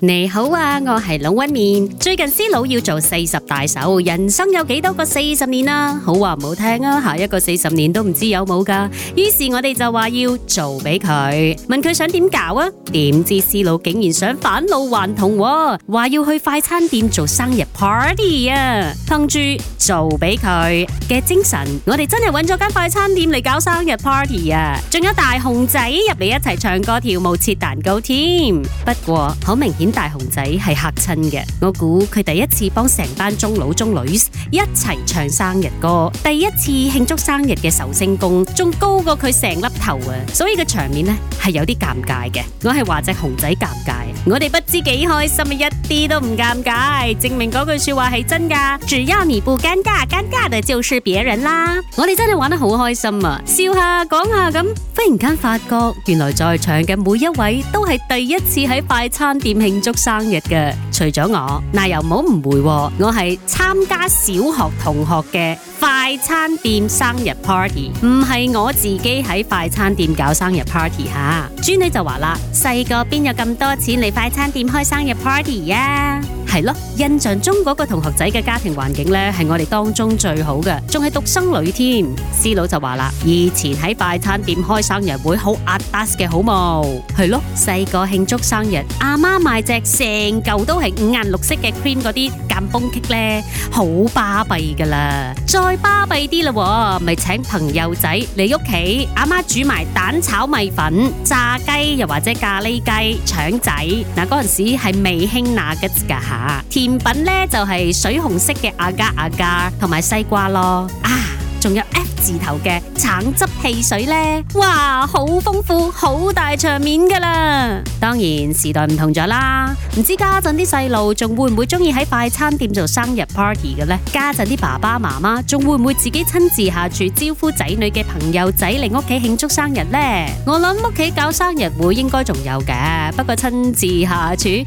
你好啊，我係龍紋敏。最近師佬要做四十大壽，人生有幾多個四十年啊？好話唔好聽啊，下一個四十年都唔知有冇噶。於是我哋就話要做俾佢，問佢想點搞啊？點知師佬竟然想返老還童喎，話要去快餐店做生日 party 啊？憑住做俾佢嘅精神，我哋真係揾咗間快餐店嚟搞生日 party 啊！仲有大雄仔入嚟一齊唱歌跳舞切蛋糕添。不過好明顯。大熊仔係嚇親嘅，我估佢第一次幫成班中老中女一齊唱生日歌，第一次慶祝生日嘅壽星公仲高過佢成粒頭啊！所以個場面呢係有啲尷尬嘅。我係話隻熊仔尷尬，我哋不知幾開心啊，一啲都唔尷尬，證明嗰句說話係真噶。只要你不尷尬，尷尬的就是別人啦。我哋真係玩得好開心啊，笑下講下咁，忽然間發覺，原來在場嘅每一位都係第一次喺快餐店慶祝生日嘅。除咗我，嗱，又唔好誤會，我係參加小學同學嘅快餐店生日 party，唔係我自己喺快餐店搞生日 party 吓、啊。豬女就話啦，細個邊有咁多錢嚟快餐店開生日 party 啊？係咯，印象中嗰個同學仔嘅家庭環境咧，係我哋當中最好嘅，仲係獨生女添。師佬就話啦，以前喺快餐店開生日會，好阿 Das 嘅，好冇？係咯，細個慶祝生日，阿媽買隻成嚿都係五顏六色嘅 Cream 嗰啲夾繃屐咧，好巴閉噶啦。再巴閉啲啦，咪請朋友仔嚟屋企，阿媽煮埋蛋炒米粉、炸雞又或者咖喱雞、腸仔。嗱，嗰陣時係未興那吉噶吓。甜品呢，就係、是、水紅色嘅阿加阿加同埋西瓜咯啊！仲有 F 字頭嘅橙汁汽水呢，哇，好豐富，好大場面噶啦！當然時代唔同咗啦，唔知家陣啲細路仲會唔會中意喺快餐店做生日 party 嘅呢？家陣啲爸爸媽媽仲會唔會自己親自下廚招呼仔女嘅朋友仔嚟屋企慶祝生日呢？我諗屋企搞生日會應該仲有嘅，不過親自下廚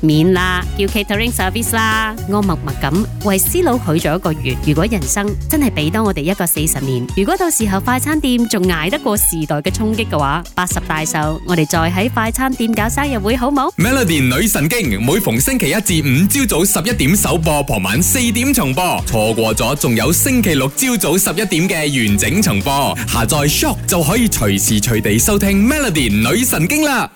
免啦，叫 catering service 啦。我默默咁為師佬許咗一個願，如果人生真係俾得。我哋一個四十年，如果到時候快餐店仲挨得過時代嘅衝擊嘅話，八十大壽我哋再喺快餐店搞生日會好冇？Melody 女神經每逢星期一至五朝早十一點首播，傍晚四點重播，錯過咗仲有星期六朝早十一點嘅完整重播，下載 Shock 就可以隨時隨地收聽 Melody 女神經啦。